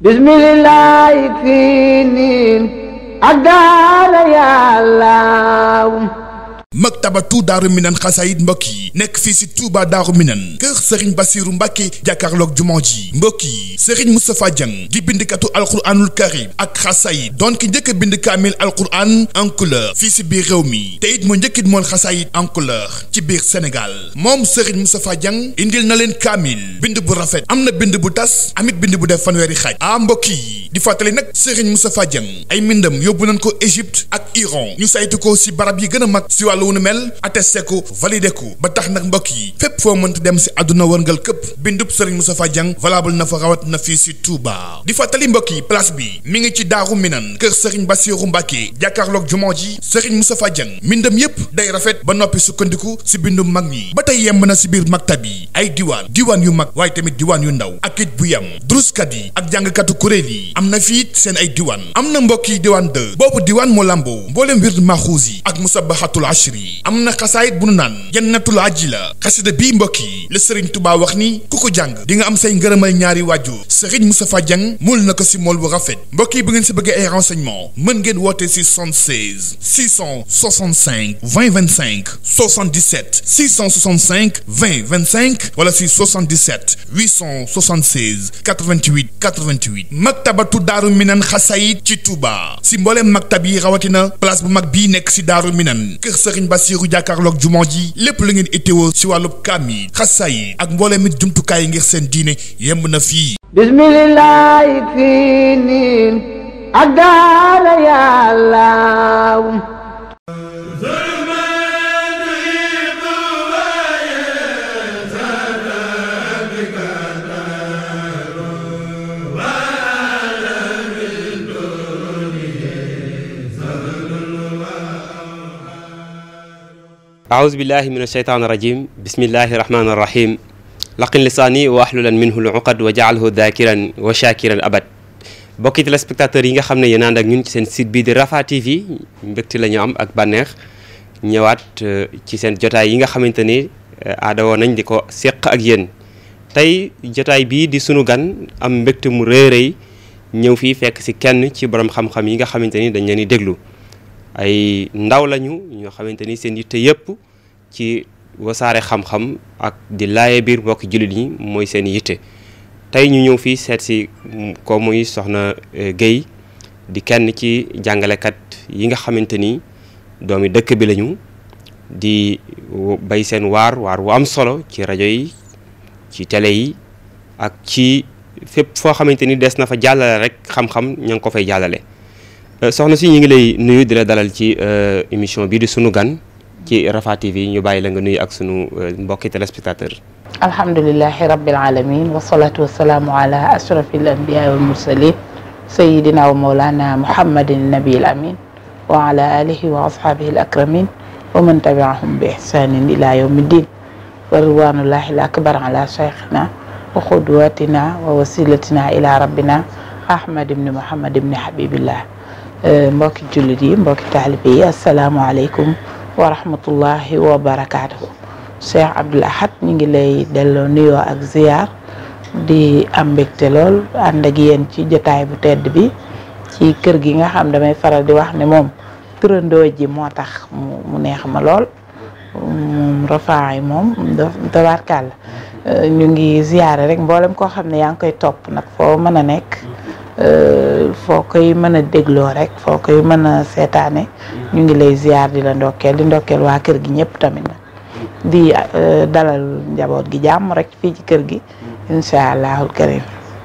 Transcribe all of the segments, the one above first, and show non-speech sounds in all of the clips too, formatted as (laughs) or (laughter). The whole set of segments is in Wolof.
bismillaahi fiinin ak daala yàllaaw maktabatu daaru minan xasaayit mbokk nekk fii si Touba daaru minan kër sëriñ basiiru mbàkke jàkkaarloog jumaa ji mbokk yi sëriñ Moustapha Dieng di bindikatu alquraanul karim ak xasaayit doon ki njëkk a bind kaamil alquraan en couleur fii si biir réew mi te it moo njëkkit moon xasaayit en ci biir Sénégal moom sëriñ Moustapha Dieng indil na leen kaamil bind bu rafet am na bind bu tas amit bind bu def fanweeri xaaj ah mbokk yi di fàttali nag sëriñ Moustapha Dieng ay mbindam yóbbu nañ ko Égypte ak Iran ñu saytu ko si mel attesté ko validé ko ba tax nag mbokk yi fépp foo mënta dem si àdduna wërngal këpp bindub Serigne Moustapha Dieng valable na fa rawat na fii si tuuba di fàttali mbokk yi place bi mi ngi ci Daaru Minan kër Serigne Bassirou Mbacké jàkkaarloog jumaa ji Serigne Moustapha Dieng mbindam yépp day rafet ba noppi sukkandiku si bindum mag ñi ba tey yemb na si biir maktab yi ay diwaan diwaan yu mag waaye tamit diwaan yu ndaw ak it bu yem druskat yi ak jàngkatu kuréel yi am na fii seen ay diwaan am na mbokk yi diwaan 2 boobu diwaan moo làmboo mbooleem wird maxuus yi ak musabahatul ashri am na xasaayit bu nu naan jannatul aji la xasida bii mbokk yi la sëriñ tubaa wax ni ku ko jàng di nga am say ngërëmal ñaari waajur sëriñ Moustapha Dieng mul na ko si mool bu rafet mbokk yi bu ngeen si bëggee ay renseignement mën ngeen wootee si 76 665 20 25 77 665 20 25 wala si 77 876 88 88 maktabatu daaru minan xasaayit ci Touba si mbooleem maktab yi rawatina place bu mag bii nekk si daaru minan kër sëriñ Bass Basiru jàkkaarloog jumaa ji lépp la ngeen itteewoo si wàllub kaam yi ak mboolee mit jumtukaay yi ngir seen diine yemb na fii bismillaahi fii niin ak daala yàlla ahousubillahi min asheytaan irajim bismillahi rahmani irrahim laqin lisaani wa ahlulan minhu luqad wa jaalhu dhakiran wa shakiran abad bokki téléspectateurs yi nga xam ne yéen ànd ñun ci seen site bii di Rafah TV mbégte la ñu am ak bànneex ñëwaat euh, ci seen jotaay yi nga xamante ni euh, aadawoo nañ di ko séq ak yéen tey jotaay bii di sunu gan am mbégte mu rëy rëy ñëw fii fekk si kenn ci borom xam-xam yi nga xamante ni dañ leen di déglu ay ndaw lañu ñoo xamante ni seen yitte yëpp ci wasaare xam-xam ak di laaye biir mbokki jullit yi mooy seen yitte tey ñu ñëw fii seet si ko muy soxna eh, Guèye di kenn ci jàngalekat yi nga xamante ni doomi dëkk bi lañu di bay seen waar waar wu am solo ci rajo yi ci télé yi ak ci fépp foo xamante ni des na fa jàllale rek xam-xam ña ngi ko fay jàllale Euh, soxna si ñu ngi lay nuyu di la dalal ci euh, émission bii di sunu gan ci Rafah TV ñu bàyyi la nga nuyu ak sunu euh, mbokki téléspectateur alhamdulilahi rabbil alamin wasalatu wasalaamu ala ashrafi al anbiya wal mursalin sayidina wa mawlana muhammadin nabil amin wa ala alihi wa ashabihi al akramin wa man tabiahum bi ihsanin ila yawmi din wa ridwanullahi al akbar ala cheikhina wa xudwatina wa wasilatina ila rabbina ahmad ibni muhammad ibni habibillah Euh, mbokki jullit yi mbokki taalibe yi asalaamaaleykum wa rahmatullahi wa barakaatuhu Cheikh Abdoul ñu ngi lay delloo nuyoo ak ziyaar di am mbégte lool àndak ak ci jotaay bu tedd bi ci kër gi nga xam damay faral di wax ne moom turandoo ji moo tax mu neex ma lool moom rafaa yi moom tabaarkàlla euh, ñu ngi ziyaare rek mboolem koo xam ne yaa ngi koy topp nag foo mën a nekk Euh, foo koy mën a dégloo rek foo koy mën a seetaane ñu ngi lay ziar di la ndokkeel di ndokkeel waa kër gi ñëpp tamit nag di euh, dalal njaboot gi jàmm rek fii ci kër gi incha allahul karim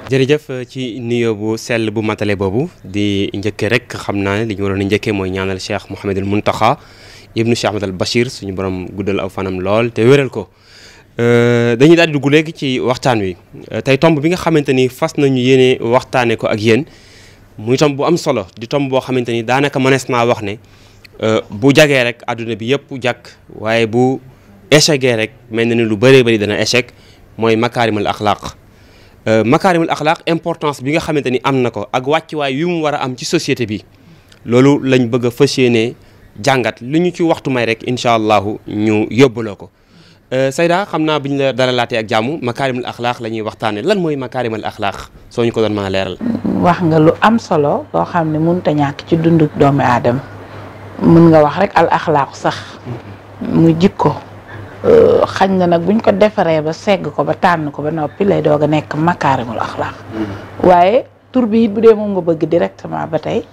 jërëjëf euh, ci nuyoo bu sell bu matale boobu di njëkkee rek xam naa li ñu waroon a njëkkee mooy ñaanal Cheikh Mouhamadul Mountakha ibnu Cheikh Ahmadal Bachir suñu borom guddal aw fanam lool te wéral ko Euh, dañuy daal di dugg léegi ci waxtaan wi euh, tey tomb bi nga xamante ni fas nañu yéene waxtaanee ko ak yéen muy tomb bu am solo di tomb boo xamante ni daanaka mënees naa wax ne euh, bu jagee rek àdduna bi yëpp jàkk waaye bu échecgee rek mel na ni lu bëree bëri dana échec mooy makaarimal axlaaq makaarimal axlaaq importance bi nga xamante ni am na ko ak wàccuwaay yu mu war a am ci société bi loolu lañ bëgg a fas yéene jàngat li ñu ci waxtu may rek incha allahu ñu yóbbaloo ko Euh, Sayda xam naa bu ñu la dalalaatee ak jàmm makaarimul axlaax la ñuy waxtaanee lan mooy makaarimul axlaax soo ñu ko doon mën a leeral. wax nga lu am solo loo xam ne mënut a ñàkk ci dundu doomu aadama mun nga wax rek al axlaaxu sax mu jikko euh, xañ na nag buñ ko defaree ba segg ko ba tànn ko ba noppi lay doog nekk makaarimul axlaax waaye tur bi it bu dee moom nga bëgg directement ba tey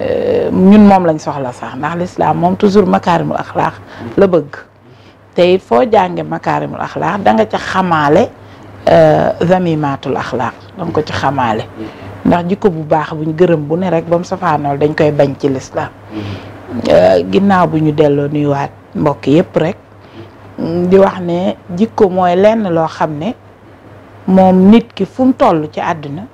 euh, ñun moom lañ soxla sax ndax lislaam moom toujours makaarimul axlaax la bëgg. te foo jànge makaarimul axlaaq da nga ca xamaale euh, zamimaatul axlaaq da nga ko ci xamaale ndax jikko bu baax buñ gërëm bu ne rek ba mu dañ koy bañ ci lislaam euh, ginnaaw bu ñu delloo nuyuwaat mbokk yépp rek di wax ne jikko mooy lenn loo xam ne moom nit ki fu mu toll ci àdduna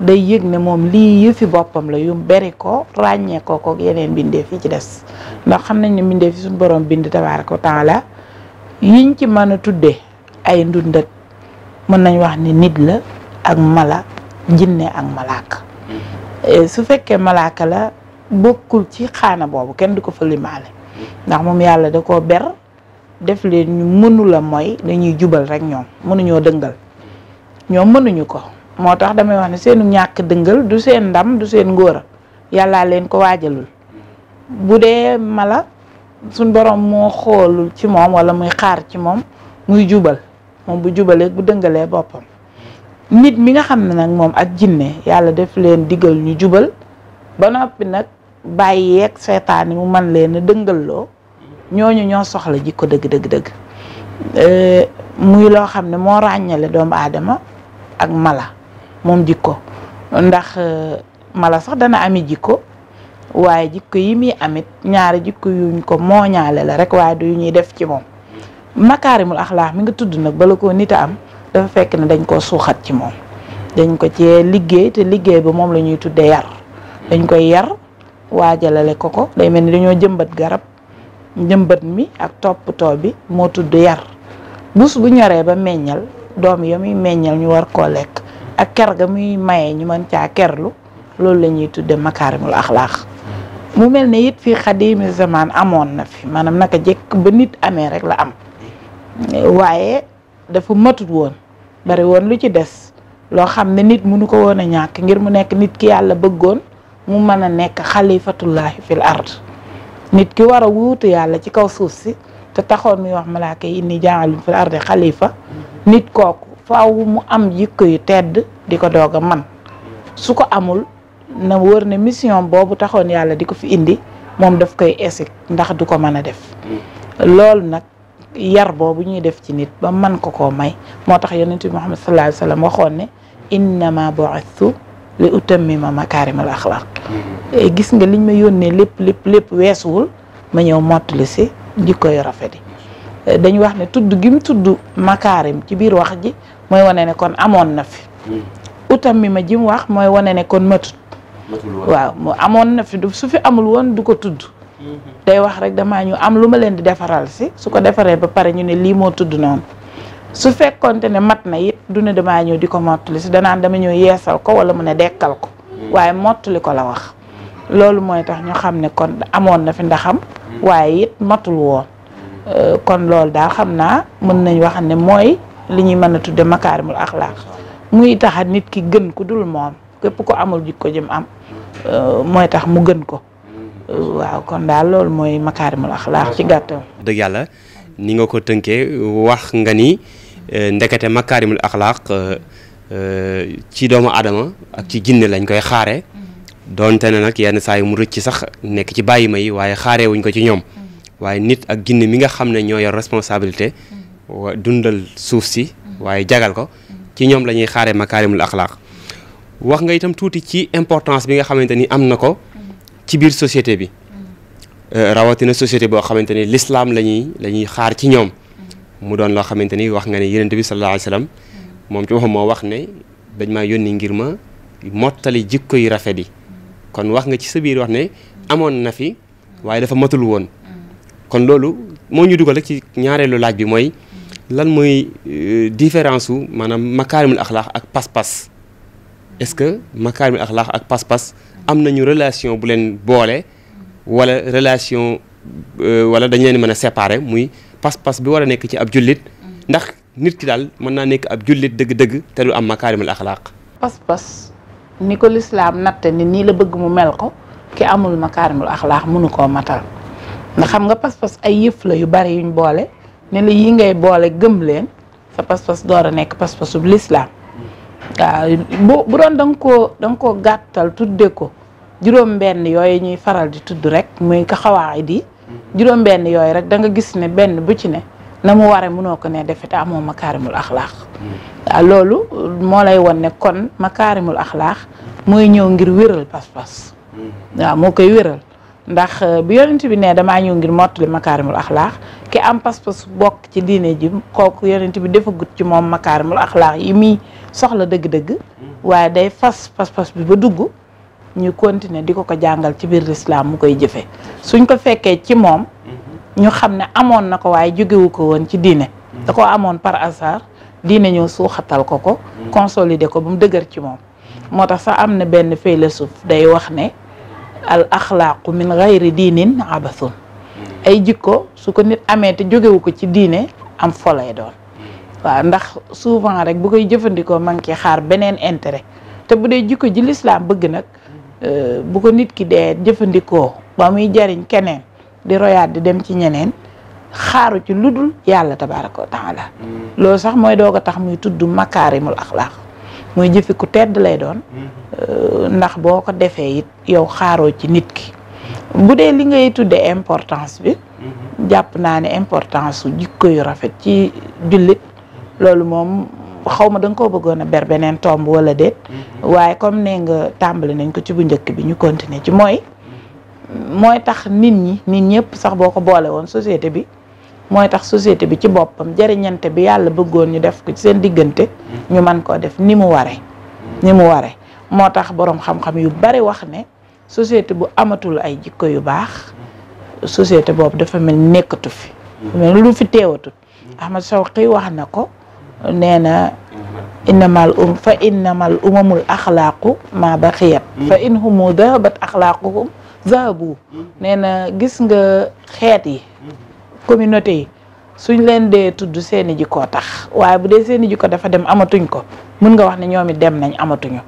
day yëg ne moom lii yëfi boppam la yu bari ko ràññee ko ko yeneen mbindeef yi ci des ndax xam nañ ne mbindeef yi suñu borom bind tabaaraka temps la yiñ ci mën a tudde ay ndundat mën nañ wax ni nit la ak mala jinne ak malaaka mm-hmm. eh, su fekkee malaaka la bokkul ci xaana boobu kenn du ko fa limaale mm-hmm. ndax moom yàlla da koo ber def leen ñu mënu la mooy dañuy jubal rek ñoom mënuñoo dëngal mm-hmm. ñoom mënuñu ko moo tax damay wax ne seenu ñàkk dëngal du seen ndam du seen ngóora yàlla leen ko waajalul bu dee mala suñ borom moo xool ci moom walla muy xaar ci moom muy jubal moom bu jubalee bu dëngalee boppam nit mi nga xam ne nag moom ak jinne yàlla def leen diggal ñu jubal ba noppi nag bàyyi yeeg seetaan yi mu man leen a dëngalloo ñooñu ñoo soxla jikko dëgg dëgg dëgg muy loo xam ne moo ràññale doomu aadama ak mala moom jikko ndax mala sax dana ami jikko waaye jikko yi muy amit ñaari jikko yuñ ko mooñaale la rek waaye du yu ñuy def ci moom makaarimul axlaax mi nga tudd nag bala koo nit am dafa fekk ne dañ koo suuxat ci moom dañ ko ci liggéey te liggéey ba moom la ñuy tuddee yar dañ koy yar waajalale ko ko day mel ni dañoo jëmbat garab jëmbët mi ak toppatoo bi moo tudd yar bus bu ñoree ba meññal doom ya muy meññal ñu war koo lekk ak ker ga muy maye ñu mën caa kerlu loolu la ñuy tudde makaarimul axlaax mu mel ne it fi xadiimi zaman amoon na fi maanaam naka jekk ba nit amee rek la am waaye dafa matut woon bari woon lu ci des loo xam ne nit munu ko woon ñàkk ngir mu nekk nit ki yàlla bëggoon mu mën a nekk xalifatullahi fil ard nit ki war a wuutu yàlla ci kaw suuf si te taxoon muy wax malaaka yi inni jaalim fil ardi xalifa nit kooku faaw mu am jikko yu tedd di ko doog a man su ko amul na wër ne mission boobu taxoon yàlla di ko fi indi moom daf koy esik ndax du ko mën a def loolu nag yar boobu ñuy def ci nit ba man ko koo may moo tax yonent bi Muhammad sallallahu alayhi wa sallam waxoon ne innama bu'ithtu li ma makaarimal axlaaq mm-hmm. eh, gis nga liñ ma yónnee lépp lépp lépp weesuwul ma ñëw mottali si jikko yu rafet yi eh, dañ wax ne tudd gi tudd makaarim ci biir wax ji mooy wone ne kon amoon na fi mm-hmm. utammima ji mu wax mooy wane ne kon matut waaw mu amoon na fi du su fi amul woon du ko tudd mhm. day wax rek damaa ñu am lu ma leen di defaral si su ko defaree ba pare ñu ne lii moo tudd noonu su fekkonte ne mat na it du ne damaa ñëw di ko mottali si danaan dama ñëw yeesal ko wala mu ne dekkal ko mhm. waaye mottali ko la wax loolu mooy tax ñu xam ne kon amoon na fi ndaxam mhm. waaye it matul woon euh, kon loolu daal xam naa mën nañ wax ne mooy li ñuy mën a tudde makaarimul axlaaq muy taxa nit ki gën képp ko amul jikko jëm am euh, mooy tax mu gën ko euh, waaw kon daal loolu mooy makaarimul axlaax ci gàttal. dëgg yàlla ni nga ko tënkee wax nga ni euh, ndekete makaarimul axlaax ci doomu aadama ak ci jinne lañ koy xaare doonte ne nag yenn saa yi mu rëcc sax nekk ci bàyyi ma waaye xaaree wuñ ko ci ñoom waaye nit ak jinne mi nga xam ne ñoo yor responsabilité dundal suuf si waaye jagal ko ci ñoom la ñuy xaaree makaarimul axlaax wax nga itam tuuti ci importance bi nga xamante ni am na ko ci biir société bi euh, rawatina société boo xamante ni lislaam la ñuy la ñuy xaar ci ñoom mu doon loo xamante ni wax nga ne yonent bi sallallahu alayhi wasallam moom ci wax moo wax ne dañ maa yónni ngir ma mottali jikko yu rafet yi kon wax nga ci sa biir wax ne amoon na fi waaye dafa matul woon kon loolu moo ñu dugal ci ñaareelu laaj bi mooy lan mooy euh, différence su maanaam makaarimul axlaax ak pas-pas est-ce que makaar mi axlaax ak pas-pas am nañu relation bu leen boole wala relation euh, wala dañ leen mën a séparer muy pas-pas bi war a nekk ci ab jullit ndax nit ki daal mën naa nekk ab jullit dëgg-dëgg te du am makaarimul axlaaq pas-pas ni ko lislaam natte ni nii la bëgg mu mel ko ki amul makaarimul axlaaq mënu koo matal ndax xam nga pas-pas ay yëf la yu bari yuñ boole ne la yi ngay boole gëm leen sa pas-pas door a nekk pas-pasu lislaam waaw bu bu doon danga nga koo da nga koo gàttal tuddee ko juróom-benn yooyu ñuy faral di tudd rek muy ko xawaay di juróom-benn yooyu rek da nga gis ne benn bu ci ne na mu waree munoo ko ne defe te amoo makaarimul axlaax moo lay won ne kon makaarimul axlaax mooy ñëw ngir wéral pas-pas moo koy wéral ndax euh, bi yonent bi ne damaa ñëw ngir mottali makaarimul axlaax ki am pas-pas bokk ci diine ji kooku yonent bi defagut ci moom makaarimul axlaax yi muy soxla dëgg-dëgg waaye day fas pas-pas bi ba dugg ñu continuer di ko ko jàngal ci biir lislaam mu koy jëfe suñ ko fekkee ci moom ñu xam ne amoon na ko waaye jógewu ko woon ci diine da ko amoon par hasard diine ñëw suuxatal ko ko consolider ko ba mu dëgër ci moom moo tax sax am na benn philosophe day wax ne al axlaaqu min gayri diinin abathun ay jikko su ko nit amee te jógewu ko ci diine am folay doon waaw ndax souvent rek bu koy jëfandikoo ma ngi ciy xaar beneen intérêt te bu dee jikko ji lislaam bëgg nag euh, bu ko nit ki dee jëfandikoo ba muy jariñ keneen di royaat di dem ci ñeneen xaaru ci lu dul yàlla tabaaraka ko taala mm. loolu sax mooy doo ko tax muy tudd makaarimul axlaaq muy jëfi ku tedd lay doon mm-hmm. euh, ndax boo ko defee it yow xaaroo ci nit ki bu dee li ngay tuddee importance bi mm-hmm. jàpp naa ne importance su jikko yu rafet ci jullit loolu moom xaw ma da nga bëggoon a ber beneen tomb wala déet mhm. waaye comme nee nga tàmbali nañ ko ci bu njëkk bi ñu continuer ci mooy mooy tax nit ñi nit ñëpp sax boo ko boole woon société bi mooy tax société bi ci boppam jariñante bi yàlla bëggoon ñu def ko ci seen diggante mhm. ñu mën koo def ni mu ware mhm. ni mu ware moo tax boroom xam-xam yu bari wax ne société bu amatul ay jikko yu baax société boobu dafa mel nekkatu fi mel lu fi teewatul Ahmad Shawqi wax na ko nee na innamal um fa innamal umamul axlaaqu ma baqiyat fa in humu dahabat axlaaquhum zahabu nee na gis nga xeet yi communauté yi suñ leen dee tudd seeni jikko tax waaye bu dee seeni jikko dafa dem amatuñ ko mun nga wax ne ñoom it dem nañ amatuñu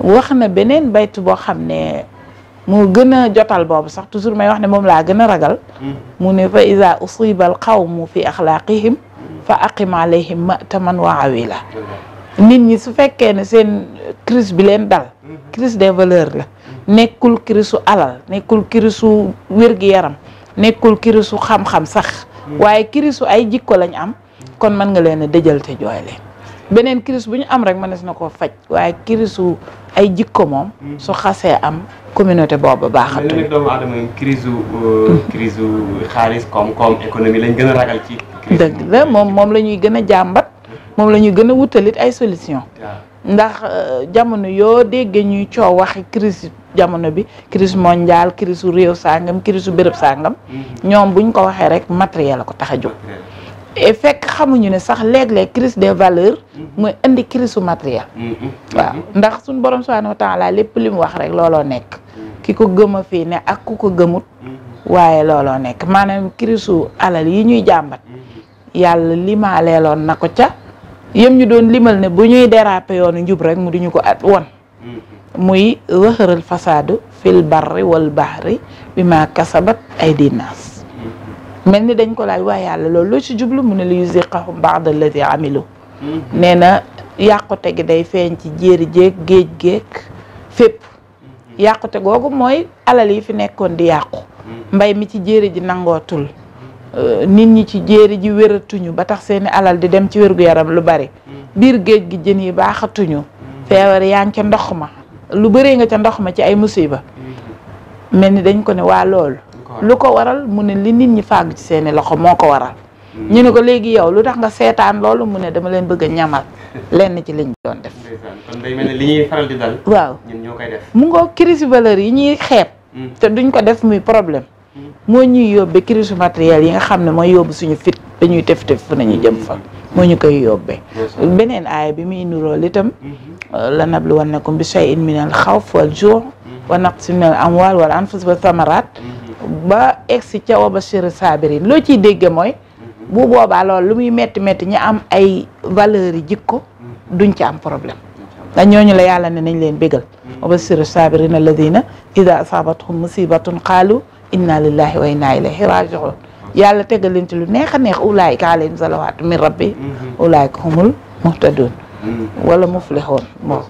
wax na beneen baytu boo xam ne mu gën a jotal boobu sax toujours may wax ne moom laa gën a ragal hmm. mu ne fa iza usiba al qawmu fi axlaaqihim fa aqim alayhim ma taman wa la nit ñi su fekkee ne seen crise bi leen dal crise des valeurs la nekkul crise su alal nekkul crise su wér-gi-yaram nekkul crise su xam-xam sax waaye crise su ay jikko lañ am kon mën nga leen a te jooy leen beneen crise bu ñu am rek mënees na koo faj waaye crise su ay jikko moom su xasee am communauté boobu baaxatul mais nag doomu aadama crise euh, crise xaalis koom a dëgg la moom moom la ñuy gën a jàmbat moom la ñuy gën a wutalit ay solution ndax euh, jamono yoo déggee ñuy coow waxi crise jamono bi crise mondiale crise su réew sàngam crise su béréb sàngam mm-hmm. ñoom buñ ko waxee rek matériel la ko tax a jóg fekk xamuñu ne sax léeg-léeg crise des valeurs mm-hmm. mooy indi crise su matériel mm-hmm. waa ndax suñ borom subhanahu wa taala lépp li mu wax rek looloo nekk ki ko gëm a fii ne ak ku ko gëmut waaye looloo nekk maanaam crise su alal yi ñuy jàmbat yàlla limaaleeloon na ko ca yëm ñu doon limal ne bu ñuy déraper yoonu njub rek mu duñu ko at won mm-hmm. muy zahëral fasaadu fil barri wal bahri bi ma kasabat ay dinaas mm-hmm. mel ni dañ ko laaj waaye yàlla loolu loo ci jublu mu ne lu li yuziqahum ba'da alladi amilu mm-hmm. nee na yàqute gi day feeñ ci jéeri jéeg géej géeg fépp yàqute googu mooy alal yi fi nekkoon di yàqu mbay mi ci jéeri ji nangootul Euh, nit ñi ci jéeri ji wératuñu ba tax seeni alal di dem ci wérgu yaram lu bari mm. biir géej gi jën yi baaxatuñu mm. feebar yaa ngi ca ndox ma lu bëree nga ca ndox ma ci ay musiba mm. mel ni dañ ko ne waa loolu lu ko waral mu ne li nit ñi fàgg ci seeni loxo moo ko waral ñu ne ko léegi yow lu tax nga seetaan loolu mu ne dama leen bëgg a ñamal (laughs) lenn ci liñ doon def. kon day yi ñuy xeeb. duñ ko def muy problème. moo ñuy yóbbee crise matérielle yi nga xam ne mooy yóbbu suñu fit dañuy tef tef fu nañu jëm fa moo ñu koy yóbbee beneen aaya bi muy nurool itam mm-hmm. la nablu wannakum bi shay'in minal xawf wal juu' mm-hmm. wa naqsin minal amwaal wal anfus wa samaraat mm-hmm. ba egsi ca wa bashiri saabiriin loo ciy dégge mooy bu boobaa loolu lu muy metti metti ñi am ay valeurs yi jikko duñ ci am problème ndax ñooñu la yàlla ne nañ leen bégal wa bashiri saabiriin alladina ida asaabathum musibatun qaalu inna lillahi wa inna ilayhi raji'un yàlla tegal leen ci lu neex a neex ulaayika alayhim salawaatu min rabbi mm-hmm. ulaayika humul muhtadun mm-hmm. wala muflihun bon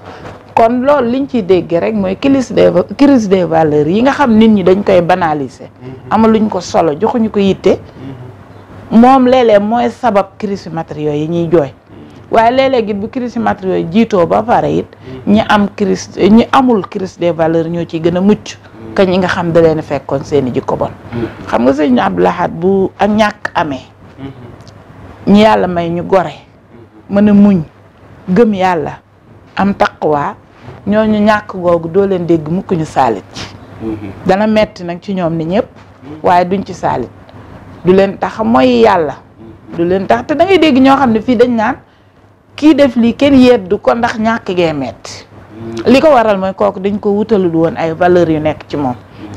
kon loolu liñ ciy dégg rek mooy crise des crise des valeurs yi nga xam nit ñi dañ koy banaliser mm-hmm. luñ ko solo joxuñu ko yitte moom léeg-léeg mooy sabab crise matériaux yi ñuy jooy waaye léeg-léeg bu crise matériaux yi jiitoo ba pare it ñi am crise ñi amul crise des valeurs ñoo ciy gën a mucc que ñi nga xam da leen fekkoon seen i jikko bon mm-hmm. xam nga sëñ ab laxaat bu ak ñàkk amee mm-hmm. ñi yàlla may ñu gore mm-hmm. mën a muñ gëm yàlla am taqwa ñooñu ñàkk googu doo leen dégg mukkuñu saalit ci dana metti nag ci ñoom ni ñëpp waaye duñ ci saalit du leen tax mooy yàlla du leen tax te da dégg ñoo xam ne fii dañ naan kii def lii kenn yeddu ko ndax ñàkk gee metti li ko waral mooy kooku dañ ko wutalul woon ay valeurs yu nekk ci moom.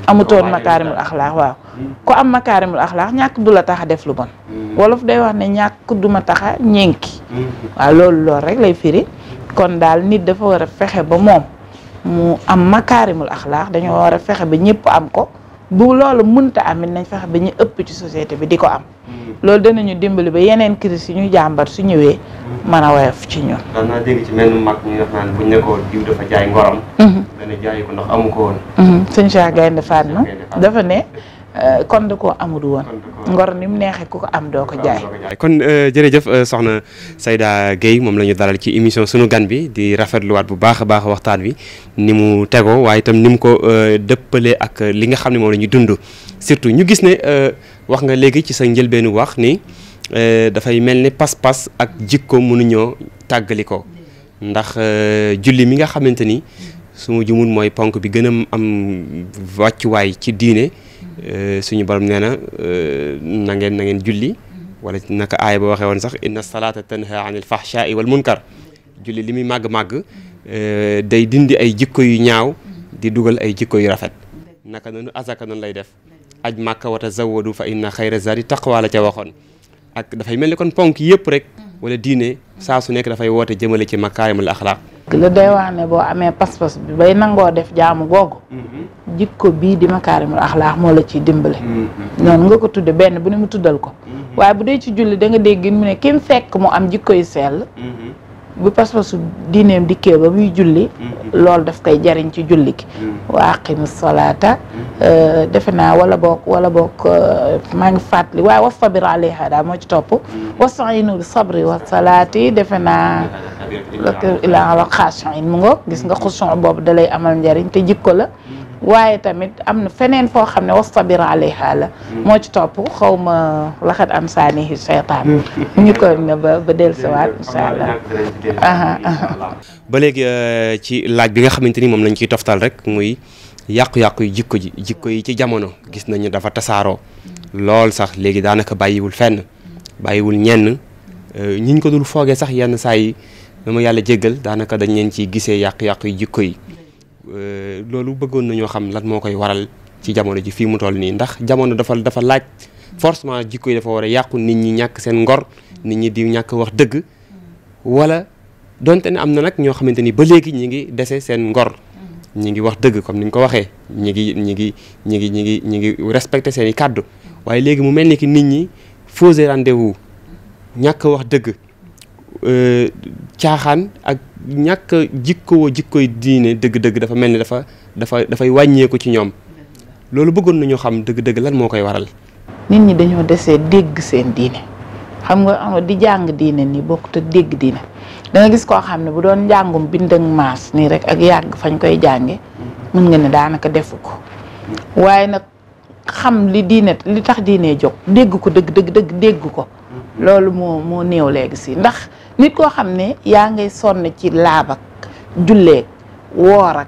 amutoon makaarimul axlaax waaw. ku am makaarimul axlaax ñàkk du la tax a def lu bon. Mm-hmm. wolof day wax ne ñàkk du ma tax a ñenki. Mm-hmm. waaw loolu lool rek lay firi. kon daal nit dafa war a fexe ba moom mu am makaarimul axlaax dañoo war a fexe ba ñëpp am ko. bu loolu munta am it nañ fexe bi ñu ëpp ci société bi di ko am loolu danañu dimbali ba yeneen crise yi ñu jàmbat su ñëwee mën a woyof ci ñun daan naa dégg ci mel mag ñu wax naan buñ Euh, kon da koo amul woon ngor ni mu neexee ku ko am doo ko jaay kon euh, jërëjëf euh, soxna Sayda Gueye moom la ñu dalal ci émission sunu gan bi di rafetluwaat bu baax a baax waxtaan wi ni mu tegoo waaye itam ni mu ko dëppalee ak li nga xam ne moom la ñu dund surtout ñu gis ne wax nga léegi ci sa njëlbeenu wax ni dafay mel ni pas-pas ak jikko mënuñoo tàggali ko ndax julli mi nga xamante ni su ma jumul mooy ponk bi gën a am wàccuwaay ci diine Euh, suñu borom nee na euh, na ngeen na ngeen julli wala naka aaya ba waxee woon sax salaat inna salaata tanha anil fahshaai wal munkar julli li muy màgg-màgg euh, day dindi ay jikko yu ñaaw di dugal ay jikko yu rafet naka noonu azaka noonu lay def aj màkka wata zawadu fa inna xayra zadi taqwa la ca waxoon ak dafay mel ni kon ponk yëpp rek wala diine saa su nekk dafay woote jëmale ci makaarimul axlaaq la day wax ne boo amee pas-pas bay nangoo def jaamu googu mm-hmm. jikko bii di makaarimul axlaaq moo la ciy dimbale mm-hmm. noonu nga ko tudde benn bu ne mu tuddal ko mm-hmm. waaye bu dee ci julli da nga dégg mu ne kim fekk mu am jikko yu bu pas-pasu diineem dikkee ba muy julli mhm. loolu daf koy jariñ ci julli gi mhm. wa aqimi salaata euh, defe naa wala boog wala boog euh, maa ngi fàttali waaye wa sabir alayha daa moo ci topp mhm. wasta'iinu bi sabri wax salaati defe naa lak ilaa ala xaashiin mu nga gis nga xusun boobu dalay amal njariñ te jikko la waaye tamit am na feneen foo xam ne wastabir alayha la mm. moo ci topp xaw ma laxat am saanihi seytaan mm. ñu ko na ba ba dellusiwaat ba léegi euh, ci laaj bi nga xamante ni moom lañ ciy toftal rek muy yàq yàq yi jikko ji jikko yi ci jamono gis nañu dafa tasaaroo lool sax léegi daanaka bàyyiwul fenn bàyyiwul ñenn euh, ñiñ ko dul foogee sax yenn saa yi dama yàlla jéggal daanaka dañ leen ci gisee yàq yàqu yi jikko yi Euh, loolu bëggoon ñoo xam lan moo koy waral ci jamono ji fii mu toll nii ndax jamono dafa dafa laaj forcement jikko yi dafa war a yàqu nit ñi ñàkk seen ngor nit ñi di ñàkk wax dëgg wala donte ne am na nag ñoo xamante ni ba léegi ñi ngi dese seen ngor mm-hmm. ñi ngi wax dëgg comme ni ko waxee ñi ngi ñi ngi ñi ngi ñi ngi ñi ngi respecté seen i kàddu waaye léegi mu mel ni ki nit ñi fausser rendez-vous ñàkk wax dëgg euh, caaxaan ak ñàkk a jikkoo jikkoy diine dëgg-dëgg dafa mel ni dafa dafa dafay wàññeeku ci ñoom loolu bëggoon nañu xam dëgg-dëgg lan moo koy waral. nit ñi dañoo desee dégg seen diine xam nga di jàng diine nii bokkut dégg diine da gis koo xam ne bu doon njàngum bind ak maas nii rek ak yàgg fañ koy jànge mën nga ne daanaka defu ko waaye nag xam li diine li tax diine jóg dégg ko dëgg dëgg dégg ko loolu moo moo néew léegi si ndax. nit koo xam ne yaa ngay sonn ci laab ak julleeg woor ak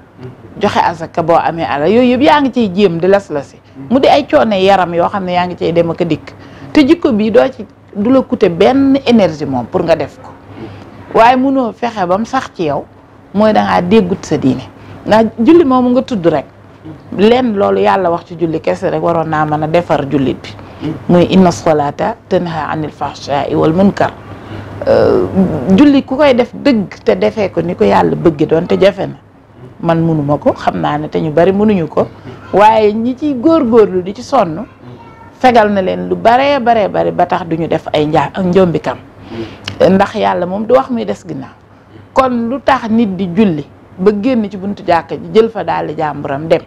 joxe asaka boo amee alal yooyu yëpp yaa ngi ciy jéem di las lasi mm. mu di ay coone yaram yoo xam ne yaa ngi ciy dem ak dikk te jikko bii doo ci du la coûter benn énergie moom pour nga def ko mm. waaye munoo fexe ba sax ci yow mooy dangaa déggut sa diine ndax julli moomu nga tudd rek mm. lenn loolu yàlla wax ci julli kese rek waroon naa mën a defar jullit bi muy inna te tanha anil fahsha'i wal munkar Euh, julli ku koy def dëgg te defe ko ni ko yàlla bëgge doon te jafe na man munuma ko xam naa ne te ñu bari munuñu ko waaye ñi ci góorlu di ci sonn fegal na leen lu baree baree bari ba tax duñu def ay njaa ak njombikam ndax yàlla moom du wax muy des ginnaaw kon lu tax nit di julli ba génn ci buntu jàkka jël fa daal di jàmburam dem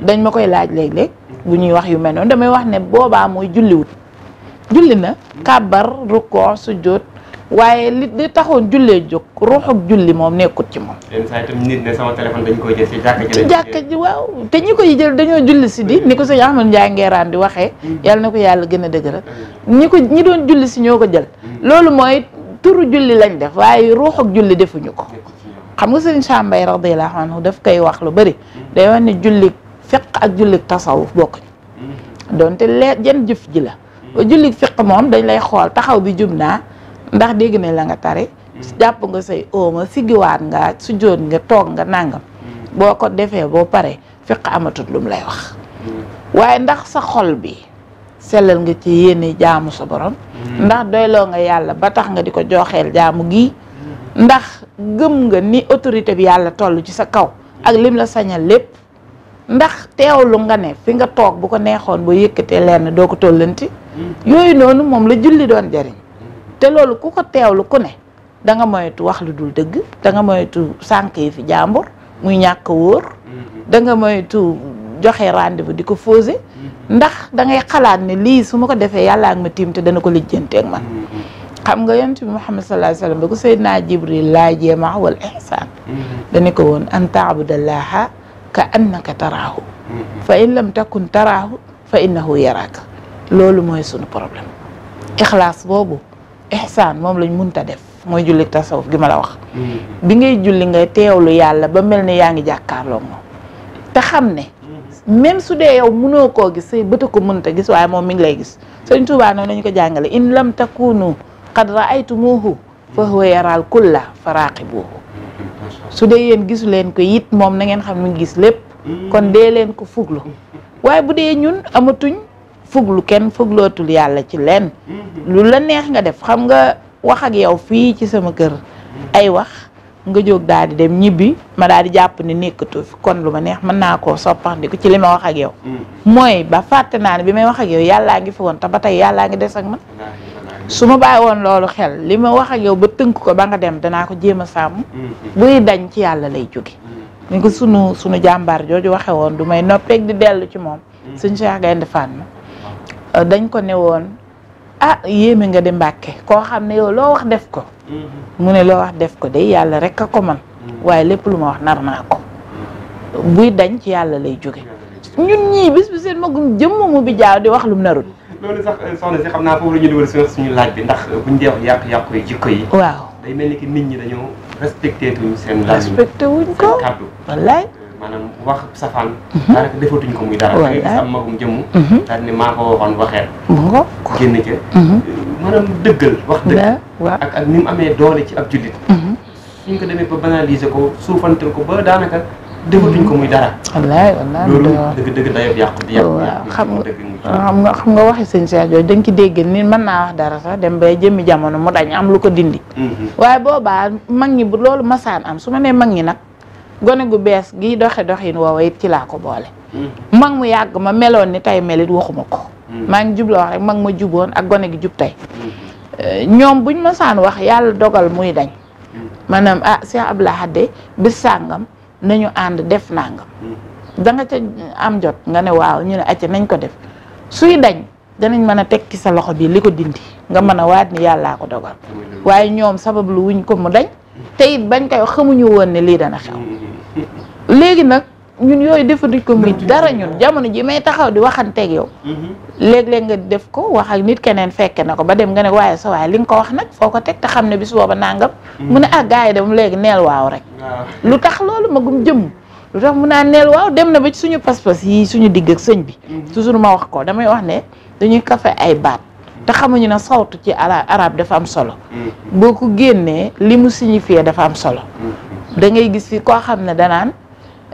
dañ ma koy laaj léeg-léeg bu ñuy wax yu mel noonu damay wax ne boobaa mooy julliwut julli na kàbbar rukkoo sujjóot waaye li li taxoon jullee jóg ak julli moom nekkut ci moom. saa itam ci jàkka ji. waaw te ñi koy jël dañoo julli si di ni ko sëñ Ahmad Ndiaye Nguerane di waxee. Mm-hmm. yàlla na ko yàlla gën a dëgëral. Mm-hmm. ñi ko ñi doon julli si ñoo ko jël. Mm-hmm. loolu mooy turu julli lañ def waaye ak julli defuñu ko. xam nga sëñ Sambay radiyallahu anhu def koy wax lu bëri. day wax ne julli fiq ak julli tasawuf bokkuñ. donte lee jenn jëf ji la. julli fiq moom dañ lay xool taxaw bi jub naa ndax dégg nañ la nga tari jàpp nga say ooma siggiwaat nga sujjóot nga toog nga nàngam mm. boo ko defee boo paree fiq amatut lum lay wax mm. waaye ndax sa xol bi sellal nga ci yéene jaamu sa borom mm. ndax doyloo nga yàlla ba tax nga di ko joxeel jaamu gi ndax gëm nga ni autorité bi yàlla toll ci sa kaw ak lim la sañal lépp ndax teewlu nga ne fi nga toog bu ko neexoon boo yëkkatee lenn doo ko tollanti yooyu noonu moom la julli doon jariñ te loolu ku ko teewlu ku ne da nga moytu wax lu dul dëgg danga nga moytu sànq yi fi jàmbur muy ñàkk wóor mm-hmm. danga nga tu joxe rendez-vous di ko fausé mm-hmm. ndax dangay xalaat ne lii su ma ko defee yàlla ak ma tiim te dana ko lijjante man mm-hmm. xam nga yonent bi Muhammad sallallahu alayhi wa sallam ba ko Seydina Jibril laajee ma wal ihsaan dani ko woon an taabudallaha ka annaka taraahu fa in lam takun taraahu fa innahu yaraka loolu mooy sunu problème ixlaas boobu ihsaan moom mun ta def mooy julli tasawuf gi ma la wax mm-hmm. bi ngay julli ngay teewlu yàlla ba mel ne yaa ngi jàkkaarloo moom te xam ne mm-hmm. même su dee yow mënoo koo gis say bët ko mënta gis waaye moom mi ngi lay gis sëñ Tuubaa noonu lañu ko jàngale in lam ay qad ra'aytumuhu fa huwa yaral kulla faraaqibuhu mm-hmm. su dee yéen gisu leen ko it moom na ngeen xam mi ngi gis lépp kon dee leen ko fuglu waaye bu dee ñun amatuñ fuglu kenn fuglootul yàlla ci lenn mm-hmm. lu la neex nga def xam nga wax ak yow fii ci sama kër mm-hmm. ay wax nga jóg daal di dem ñibbi ma daal di jàpp ne nekkatu fi kon lu ma neex mën naa koo soppandiku ci li ma wax ak yow mm-hmm. mooy ba fàtte naa ne bi may wax ak yow yàllaa ngi fi te ba tey yàllaa ngi des ak man su ma bàyyi woon loolu xel li ma wax ak yow ba tënk ko ba nga dem danaa ko jéem a sàmm buy dañ ci yàlla lay jóge ni ko sunu sunu jàmbaar jooju woon du may dañ ko ne woon ah yéeme nga di mbàkke koo xam ne yow loo wax def ko mm-hmm. mu ne loo wax def ko de yàlla rek a ko man mm-hmm. waaye lépp lu ma wax nar naa ko mm-hmm. buy dañ ci yàlla lay jóge ñun ñii bis bi seen magum jëmm mu bi di wax lum narul loolu sax eh, soxna si xam naa lu la ñu dugal suñu laaj bi ndax eh, buñ dee wax yàqu-yàqu yi jikko yi waaw day ko wallaay maanaam wax safaan. Mhm. daanaka defatuñ ko muy dara. waay daal magum jëmm. Mhm. daal ne maa ko waxoon waxeet. génn ca. Mhm. maanaam dëggal amee doole ci ab jullit. suñ ko demee ba banaliser ko suufantal ko ba daanaka. defatuñ ko muy dara. wallaay wallaay loolu dëgg dëgg dayob yàqu. yàqu xam nga xam nga waxi sëñ Cheikh jooju dañ ci dégg ni mën naa wax dara sax dem bay jëmmi jamono mu dañ am lu ko dindi. waaye boobaa mag ñi loolu masaan am su ma nee mag ñi nag. gone gu bees gi doxe doxin woowa it ci laa ko boole mag mu yàgg ma meloon ni tey melit waxuma ko mm. maa ngi jub la wax rek mag ma juboon ak gone gi jub tey mm. eh, ñoom buñ ma saan wax yàlla dogal muy dañ mm. maanaam ah Cheikh Abdoulaye nañu ànd def nangam da nga ca am jot nga ne waaw ñu ne acca nañ ko def suy dañ danañ mën a teg ki sa loxo bi li ko dindi nga mën a waat ni yàllaa ko dogal waaye ñoom sabab lu wuñ ko mu dañ te it bañ koy xamuñu woon ne lii dana xew léegi nag ñun yooyu defanduñ ko muy dara ñun jamono ji may taxaw di waxanteeg yow. Mhm. léeg-léeg nga def ko wax ak nit keneen fekke na ko ba dem nga ne waaye sa waaye li nga ko wax nag foo ko teg te xam ne bis booba nangam. Mhm. mu ne ah gars yi de léegi neel waaw rek. Ah. lu tax loolu magum jëm. lu tax mun naa neel waaw dem na ba ci suñu pas-pas yi suñu digg ak sëñ bi. Mhm. toujours ma wax ko damay wax ne dañuy kafe ay baat. te xamuñu ne sawtu ci arab dafa am solo. boo ko génnee li mu dafa am solo. da gis fi koo xam ne danaan.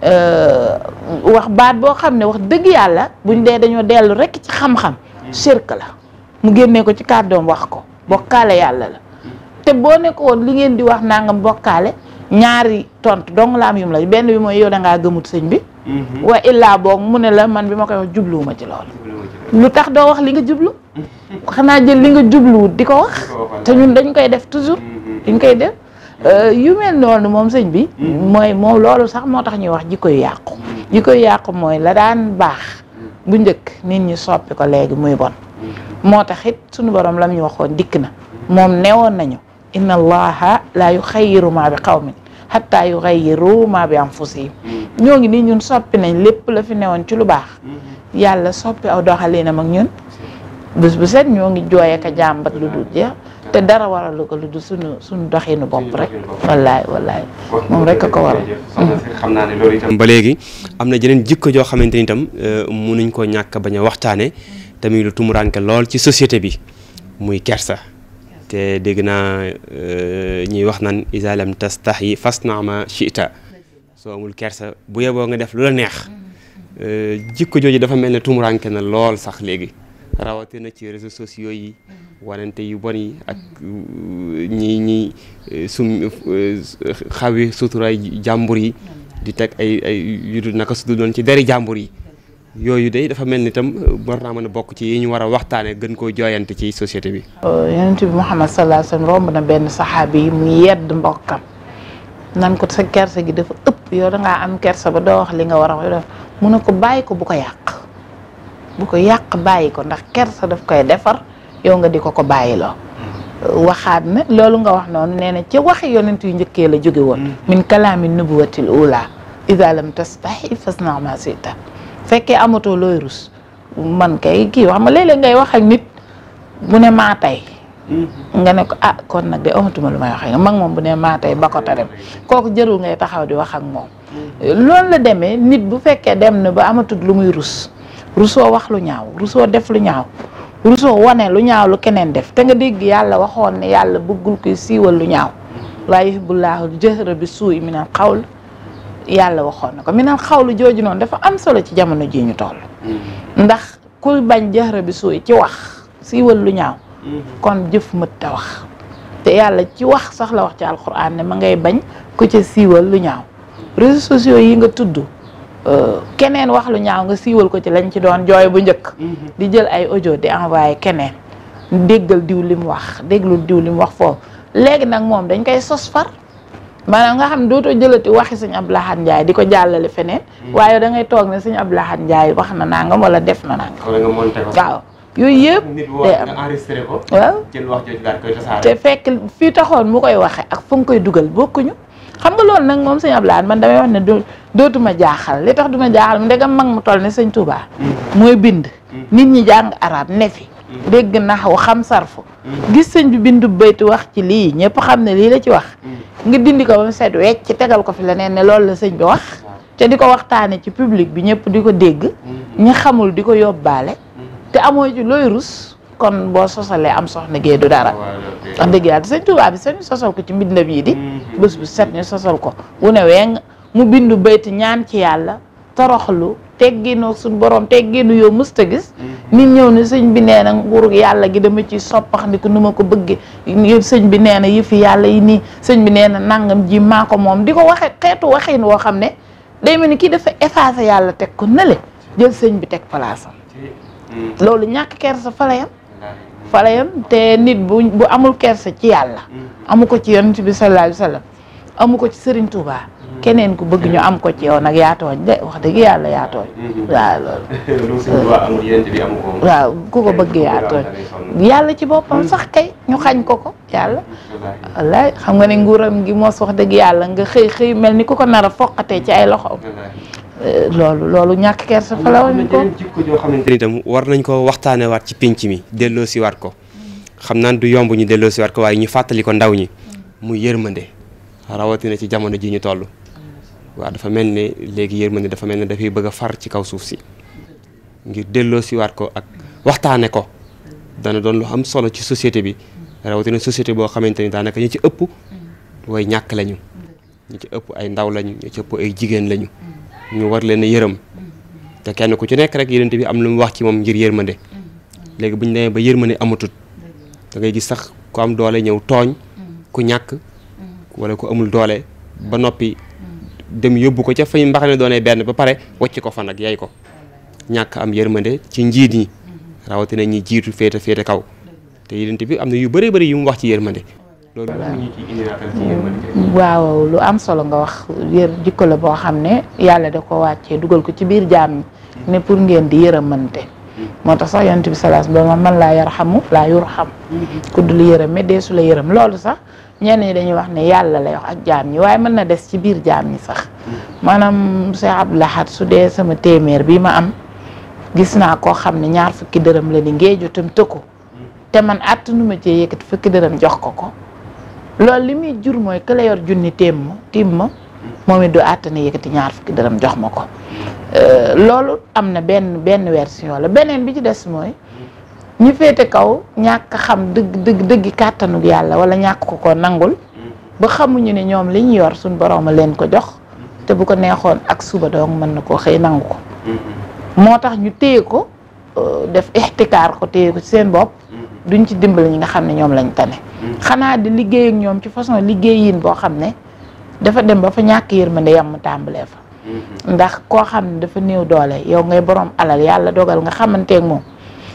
Euh, wax baat boo xam ne wax dëgg yàlla buñ dee dañoo dellu rekk ci xam-xam sirk la mu génnee ko ci kàddoom wax ko bokkaale yàlla la te boo nekkoon li ngeen di wax nangam bokkaale ñaari tontu dong la am yum la benn bi mooy yow da ngaa gëmut sëñ bi mhm. wa illaa boog mu ne la man bi ma koy wax jubluwuma ci loolu lu tax doo wax li nga jublu (laughs) xanaa jël li nga jubluwut di ko wax te ñun dañ koy def toujours mhm. dañ koy def Euh, yu mel noonu moom sëñ bi. Mm-hmm. mooy moo loolu sax moo tax ñuy wax jikko yu yàqu. Mm-hmm. jikko yu yàqu mooy la daan baax. bu njëkk nit ñi soppi ko léegi muy bon. Mm-hmm. moo tax it sunu borom lam ñu waxoon dikk na moom woon nañu. inna allaha la yuxayiru ma bi xaw mi qawmin xatta yuxayiru ma bi am anfusihim ñoo ngi nii ñun soppi nañ lépp la fi newoon ci lu baax. yàlla soppi aw doxalinam ak ñun. bés bu set ñoo ngi jooy ak a jàmbat lu dul jeex te dara waralu ko lu du suñu suñu doxinu bopp rek wallaay wallaay moom rek ko waral mm. ba léegi am na jeneen jikko joo xamante ni itam euh, nuñ ko ñàkk bañ a waxtaane tamit lu tumuranke lool ci société bi muy kersa te dégg naa euh, ñuy wax naan iza lam tastahi fasna ma shi'ta soo amul kersa bu yeboo nga def lu la neex mm. euh, jikko jooju dafa mel ne tumuranke na lool sax léegi rawatina ci réseaux sociaux yi wanante yu bon yi ak uh, ñi ñi uh, sum uh, xawi suturaay jàmbur yi di teg ay ay yu dul naka su dul doon ci deri jàmbur yi yooyu day dafa mel ni itam war naa mën a bokk ci yi ñu war a waxtaanee gën koo jooyante ci société bi. yonent bi Muhammad sallallahu alayhi romb na benn saxaabi yi mu yedd mbokkam nan ko sa kersa gi dafa ëpp yow da am kersa ba doo wax li nga war wax mu ne ko bàyyi ko bu ko yàq. bu ko yàq bàyyi ko ndax sa daf koy defar yow nga di ko ko bàyyiloo waxaat na loolu nga wax noonu nee na ci waxi yonent yu njëkkee la jóge woon mm. min kalaami nubuwatil ula idaa lam tastahi fasna ma sita fekkee amatoo looy rus man kay kii wax ma léeg ngay wax ak nit bu ne maa mm-hmm. nga ne ko ah kon nag de amatuma lu may wax ak mag moom bu ne maatay tey ba ko ta dem kooku jërul ngay taxaw di wax ak moom mm-hmm. loolu la demee nit bu fekkee dem na ba amatul lu muy rus rusoo wax lu ñaaw rusoo def lu ñaaw rusoo wane lu ñaaw lu keneen def te nga dégg yàlla waxoon ne yàlla bëggul kuy siiwal lu ñaaw waaye laa yuhibbullahu jahra bi suu'i minal qawl yàlla waxoon na ko minal xawlu jooju noonu dafa am solo ci jamono ji ñu toll mm-hmm. ndax ku bañ jahra bi suu'i ci wax siiwal lu ñaaw mm-hmm. kon jëf mët ta wax te yàlla ci wax sax la wax ci alquran ne ma ngay bañ ku ca siiwal lu ñaaw réseaux sociaux yi nga tudd keneen wax lu ñaaw nga siiwal ko ci lañ ci doon jooy bu njëkk mhm. di jël ay audio di envoyé keneen déggal diw li mu wax déglul diw li wax foofu léegi nag moom dañ koy sos far maanaam nga xam ne dootoo jëlati waxi sëñ Abdou Lahad Ndiaye di ko jàllale feneen mhm. waaye da ngay toog ne sëñ Abdou Lahad Ndiaye wax na nangam wala def na nangam waaw yooyu yëpp te fekk fii taxoon mu koy waxe ak fu nga koy dugal bokkuñu xam nga loolu nag moom sëñ Abdou Lahad man damay wax ne dootuma jaaxal li tax duma jaaxal mu ndegam mag mu toll ne sëñ Touba. mooy bind. nit ñi jàng arab ne fi. dégg naxwu xam sarfu. gis sañ bi bindu bayti wax ci lii ñëpp xam ne lii la ci wax. nga dindi ko ba mu set ci tegal ko fi leneen ne loolu la sëñ bi te di ko waxtaane ci public bi ñëpp di ko dégg. ñi xamul di ko yóbbaale. te amoo looy rus. kon boo sosalee am soxna gee du dara wax dëgg yàlla sëñ Tuubaa bi sosal ko ci mbindam yi di bés bu set ñu sosal ko wu ne weng mu bindu bayt ñaan ci yàlla toroxlu tegginu suñ borom tegginu yow mësta gis mm-hmm. nit ñëw ne sëñ bi nee na nguuru yàlla gi dama ci soppax ni ko nu ma ko bëggee sëñ bi nee na yëfi yàlla yi nii sëñ bi nee na nangam ji maa ko moom di ko waxe xeetu waxin woo xam ne day mel ni kii dafa effacé yàlla teg ko nële jël sëñ bi teg place mm-hmm. loolu ñàkk kersa fa la mm-hmm. te nit bu amul kersa ci yàlla amu ko ci yonent bi sallallahu alayhi amu ko ci sëriñ Touba keneen ku bëgg ñu am ko ci yow nag yaa de wax dëgg yàlla yaa tooñ. Mm-hmm. (laughs) waaw ku ko bëgg yaa yàlla ci boppam mm-hmm. sax kay ñu xañ ko ko yàlla. Mm-hmm. wallaay xam nga ne nguuram gi moos wax dëgg yàlla nga xëy xëy mel ni ku ko nar a ci ay loxoom. loolu ñàkk kersa fa la woon ko jikko joo war nañ ko waxtaanewaat ci pinc mi delloo si waat ko xam naa du yomb ñu delloo si waat ko waaye ñu fàttali ko ndaw ñi muy yërmande rawatina ci jamono ji ñu toll waaw dafa mel ni léegi yërmande dafa mel ni dafay bëgg far ci kaw suuf si ngir delloo siwaat ko ak waxtaane ko dana doon lu am solo ci societé bi rawatina société boo xamante ni daanaka ñi ci ëpp way ñàkk lañu ñi ci ëpp ay ndaw lañu ñi ci ëpp ay jigéen lañu ñu war leen a yërëm te kenn ku ci nekk rek yonent bi am lu mu wax ci moom ngir yërmande léegi bu ñu demee ba yërmande amatut da ngay gis sax ku am doole ñëw tooñ ku ñàkk wala ku amul doole ba noppi dem yóbbu ko ca fay mbaxane doonee benn ba pare wocc ko fa nag yay ko ñàkk am yërmande ci njiit yi rawatina ñi jiitu féete féete kaw te yonent bi am na yu bëree bëri yu mu wax ci yërmande. loolu ñu waaw lu am solo nga wax yër jikko la boo xam ne yàlla da ko wàccee dugal ko ci biir jaam ne pour ngeen di yërëmante. moo tax sax yonent bi salaas ba man laa yarxamu laa yurxam. Mm-hmm. kudd lu yërëm mais deesu la yërëm loolu sax. ñenn ñi dañuy wax ne yàlla lay wax ak jaam ñi waaye mën na des ci biir jaam ñi sax maanaam Cheikh Abdou Lahad su dee sama téeméer bii ma am gis naa ko xam ne ñaar fukki dërëm la ni ngeeju tam tëkku te man attanu ma cee yëkkati fukki dërëm jox ko ko loolu li muy jur mooy que junni téem ma ma moom it du àttana yëkkati ñaar fukki dërëm jox ma ko euh, loolu am na benn benn version la beneen bi ci des mooy ñu féete kaw ñàkk xam dëgg dëgg dëggi kàttanug yàlla wala ñàkk ko ko nangul ba xamuñu ne ñoom li ñu yor suñ borom a leen ko jox te bu ko neexoon ak suba doog mën na koo xëy nangu ko moo tax ñu téye ko euh, def ixtikaar ko téye ko ci seen bopp duñ ci dimbali ñi nga xam ne ñoom lañ tane xanaa di liggéey ak ñoom ci façon liggéeyin boo xam ne dafa dem ba fa ñàkk ma yërmande yam tàmbalee fa mm-hmm. ndax koo xam ne dafa néew doole yow ngay borom alal yàlla dogal nga xamanteeg moom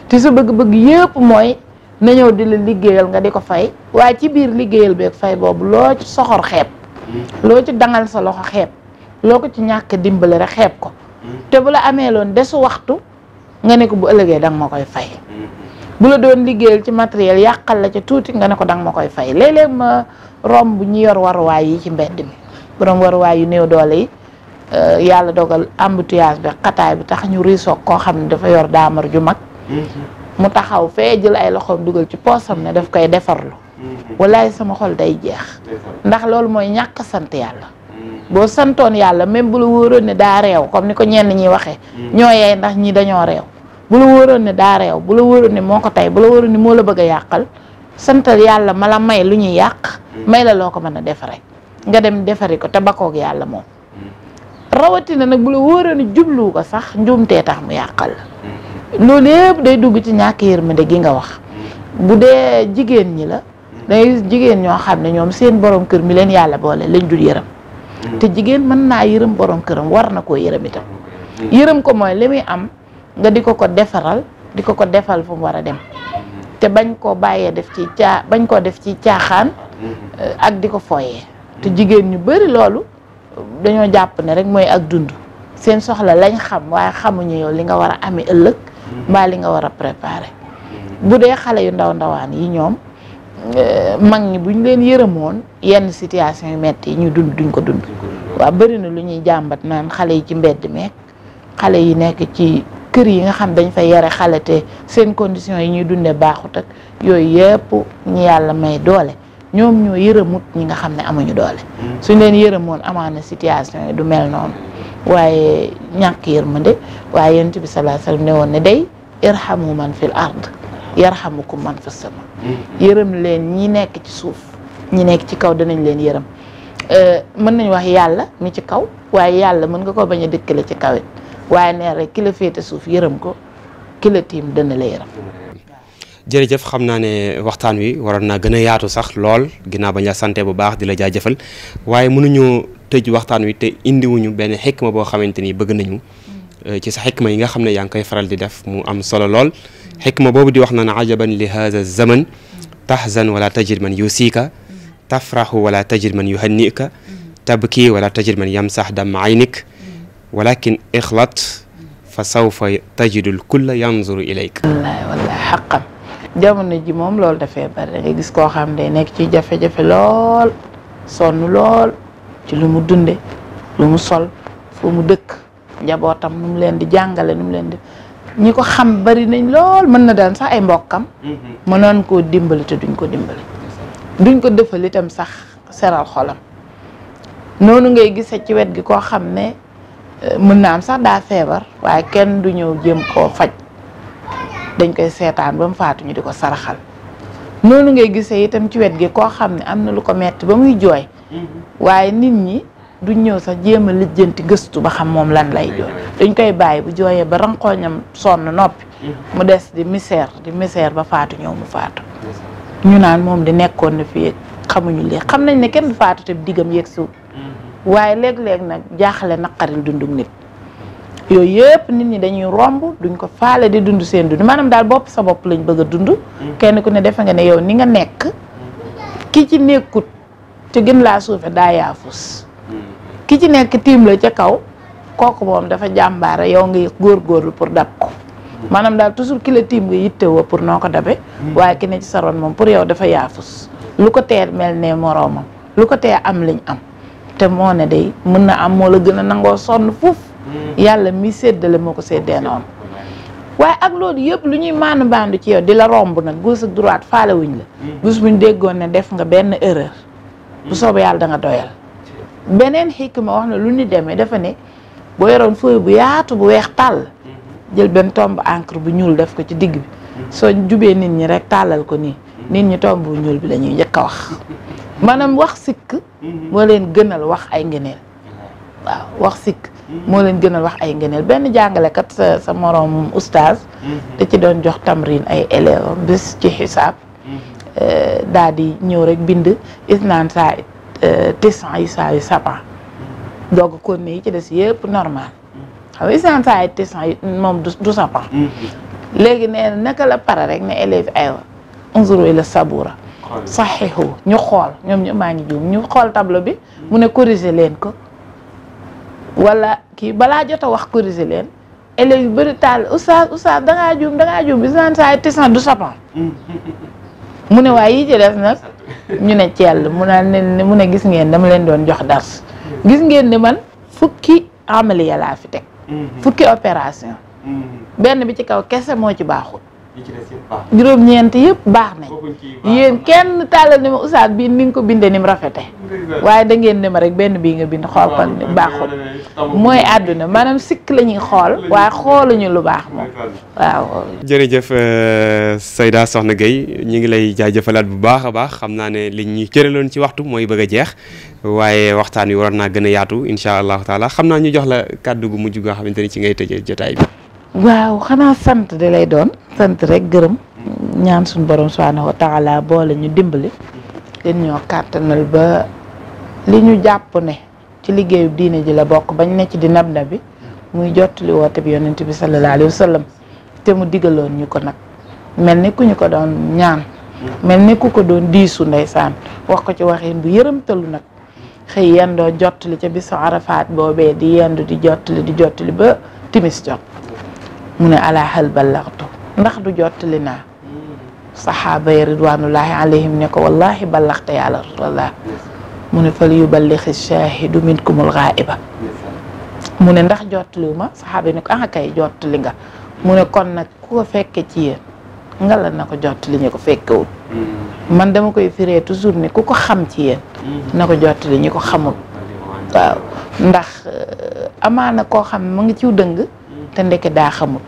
ti sa bëgg-bëgg yëpp mooy na ñëw di la liggéeyal nga di ko fay waaye ci biir liggéeyal beeg fay boobu loo ci soxor xeeb hmm. loo ci dangal sa loxo xeeb loo ko ci ñàkk dimbale rek xeeb ko hmm. te bu la amee loon desu waxtu nga ne ko bu ëllëgee danga ma koy fay hmm. bu la doon liggéeyal ci matériel yàqal la ca tuuti nga ne ko danga ma koy fay léeg-léeg ma romb ñi yor waruwaay yi ci mbedd mi borom waruwaay yu néew doole yi euh, yàlla dogal embouteillage bi xataay bi tax ñu riisoog koo xam ne dafa yor daamar ju mag mu taxaw fee jël ay loxoom dugal ci poosam ne daf koy defarlu mhm. walaay sama xol day jeex ndax loolu mooy ñàkk sant yàlla mhm. boo santoon yàlla même bu la wóoroon ne daa réew comme ni ko ñenn ñi waxee mhm. ñoo ndax ñi dañoo réew bu la wóoroon ne daa réew bu la wóoroon ne moo ko tey bu la wóoroon ne moo la bëgg a yàqal santal yàlla ma la may lu ñuy yàq may la loo ko mën a defare nga dem defari ko te bakoog yàlla moom rawatina nag bu la wóoroon ne jubluwu ko sax njuumtee tax mu yàqal la loolu yëpp day dugg ci ñàkk yërmande gi nga wax bu dee jigéen ñi la day jigéen ñoo xam ne ñoom seen borom kër mi leen yàlla boole lañ dul yërëm mm. te jigéen mën naa yërëm borom këram war na koo yërëm itam yërëm ko mooy li muy am nga di ko ko defaral di ko ko defal fu war a dem te bañ koo bàyyee def ci caa bañ koo def ci caaxaan mm-hmm. ak di ko fooyee te jigéen ñu bari loolu dañoo jàpp ne rek mooy ak dund seen soxla lañ xam waaye xamuñu yow li nga war a amee ëllëg mbaa li nga war a préparer bu dee xale yu ndaw ndawaan yi ñoom eh, mag ñi buñ leen yërëmoon yenn situation yu metti yi ñu dund duñ ko dund waaw bëri na lu ñuy jàmbat naan xale yi ci mbedd meek xale yi nekk ci kër yi nga xam dañ fa yare xale te seen condition yi ñuy dundee baaxut ak yooyu yëpp ñu yàlla may doole ñoom ñoo yërëmut ñi nga xam ne amuñu doole. Mm. suñ leen yërëmoon amaana situation yi du mel noonu waaye ñàkk yërmande waaye yonent bi sallallahu alayhi ne woon ne day irhamu man fil ard yarhamukum man fis sama. Mm. yërëm leen ñi nekk ci suuf ñi nekk ci kaw danañ leen yërëm euh, mën nañ wax yàlla mi ci kaw waaye yàlla mën nga ko bañ a dëkkale ci kaw it waaye nee rek kilo féete suuf yërëm ko kilo tiim dana la yërëm. jërëjëf xam naa ne waxtaan wi waroon naa gën a yaatu sax lool ginnaaw ba ñu la sante bu baax di la jaajëfal waaye mënuñu tëj waxtaan wi te indiwuñu benn xikma boo xamante ni bëgg nañu mm. euh, ci sa xikma yi nga xam ne yaa ngi koy faral di def mu am solo lool mm. xikma boobu di wax naan ajaban li haza zaman mm. tahzan wala tajid man yusika tafrahu wala tajid man yuhannika tabki wala tajid man yamsax dam aynik kin ixlat fa sawfa tajidul kulla yanzuru ilayk wallahi wallahi jamono ji moom loolu dafee bari da gis koo xam day nekk ci jafe-jafe sonn lool ci lu mu dunde lu mu sol fu mu dëkk njabootam mu leen di jàngale nu leen di ñi ko xam bari nañ lool mën na daan sax ay mbokkam mm-hmm. mënoon koo dimbali duñ ko dimbali duñ ko defal itam sax seral noonu ngay gise ci wet gi koo xam ne eh, mën na am sax daa feebar waaye kenn du ñëw jéem koo faj dañ koy seetaan ba mu faatu di ko saraxal noonu ngay gisee itam ci wet gi koo xam ne am na lu ko metti ba muy jooy mm-hmm. waaye nit ñi duñ ñëw sax jéem a lijjanti gëstu ba xam moom lan lay jooy dañ koy bàyyi bu jooyee ba ranqooñam sonn noppi mm-hmm. mu des di misère di misère ba faatu ñëw faatu ñu naan moom di nekkoon na fi xamuñu lii xam nañ ne kenn du faatu te diggam yegg siw mm-hmm. waaye léeg-léeg nag jaaxle naqari dundum nit yooyu yëpp nit ñi dañuy romb duñ ko faale di dund seen dund maanaam daal bopp sa bopp lañ bëgg a dund mm. kenn ku ne defe nga ne yow ni nga nekk ki ci nekkut te gën laa suufe daa yaafus mm-hmm. ki ci nekk tiim la ca kaw kooku moom dafa jàmbaare yow ngay góorgóorlu pour dab ko mm. maanaam daal toujours ki la tiim nga yittewoo pour noo ko dabe mm. waaye ki ne ci saroon moom pour yow dafa yaafus lu ko tee mel ne moroomam lu ko tee am liñ am te moo ne day mën na am moo gën nangoo yàlla mi seddale moo ko séddee noonu waaye ak loolu yëpp lu ñuy maanu baandu ci yow di la romb nag gauche ak droite faalewuñ la hmm. bés buñ déggoon ne def nga benn erreur bu hmm. soobee yàlla danga doyal beneen ma wax na lu ñu demee dafa ne boo yoroon feuille bu yaatu bu weex tàll hmm. jël benn tomb encre bu ñuul def ko ci digg bi soo jubee nit ñi rek tàllal ko nii nit ñi tomb bu ñuul bi la njëkk a wax (laughs) maanaam wax sikk moo leen gënal wax ay ngëneel waaw wax sikk moo leen gënal wax ay ngëneel benn jàngalekat sa moroom oustaz. te mm-hmm. ci doon jox tamrin ay élèves bis ci xisaab. Mm-hmm. Euh, daa di ñëw rek bind isnaan saa euh, tisan yi saa yu saban mm-hmm. doog kon ne ci des yëpp normal xam isnaan saa yi tisan yi moom du saban léegi nee naka la pare rek ne élève aywa unzuru ila sabura saxihu ñu xool ñoom ñu maa ngi juum ñu xool tableau bi mu ne corriger leen ko wala kii balaa jot a wax corriger leen élèves yu bëri taal oustaz oustaz dangaa juum dangaa juum bi san saay tisan du sapan (laughs) mu ne waaye yi ci des nag ñu ne ceel mu naan ne mu ne gis ngeen dama leen doon jox dars gis ngeen ne man fukki amaliya laa fi teg mm-hmm. fukki opération mm-hmm. benn bi ci kaw kese moo ci baaxul juróom-ñeent yëpp baax nañ yéen kenn tàllal ni ma oustaz bii ni ko bindee ni mu rafete waaye da ngeen ne ma rek benn bii nga bind xoolal ni mooy àdduna maanaam sikk lañuy ñuy xool waaye xooluñu lu baax moom waaw jërëjëf euh, Seyda Soxna Gueye ñu ngi lay jëfalaat bu baax a baax xam naa ne liñ ñu cëraloon ci waxtu mooy bëgg a jeex waaye waxtaan wi waroon naa gën a yaatu incha allahu taala xam naa ñu jox la kàddu gu mujj goo xamante ni ci ngay tëjee jotaay bi waaw xanaa sant di lay doon sant rek gërëm ñaan suñ borom subhaanahu wa taala boole ñu dimbali leen ñoo kàttanal ba li ñu jàpp ne ci liggéeyu diine ji la bokk bañ ne ci di nab na bi muy jottali woote bi yonent bi sallallahu alayhi te mu digaloon ñu ko nag mel ni ku ñu ko doon ñaan mel ni ku ko doon diisu ndeysaan wax ko ci waxin bu yërëmtalu nag xëy yendoo jottali ca bisu arafaat boobee di yendu di jottali di jottali ba timis jot mu ne ala hal ndax du jottali naa saxaaba yi ridwanullahi alayhim ne ko wallahi ballaxte yaa rasulallah mu ne fal yuballighi shaahidu minkumul ghaiba mu ne ndax jottaliwu ma saxaaba yi ne ko ah kay mu ne kon nag ku fekke ci yéen na ko jottali ñu ko fekkewul dama koy firee toujours ne ku ko xam ci na ko jottali ñi ko xamul waaw ndax euh, amaana koo xam mu ngi ciw dëng te ndeke daa xamul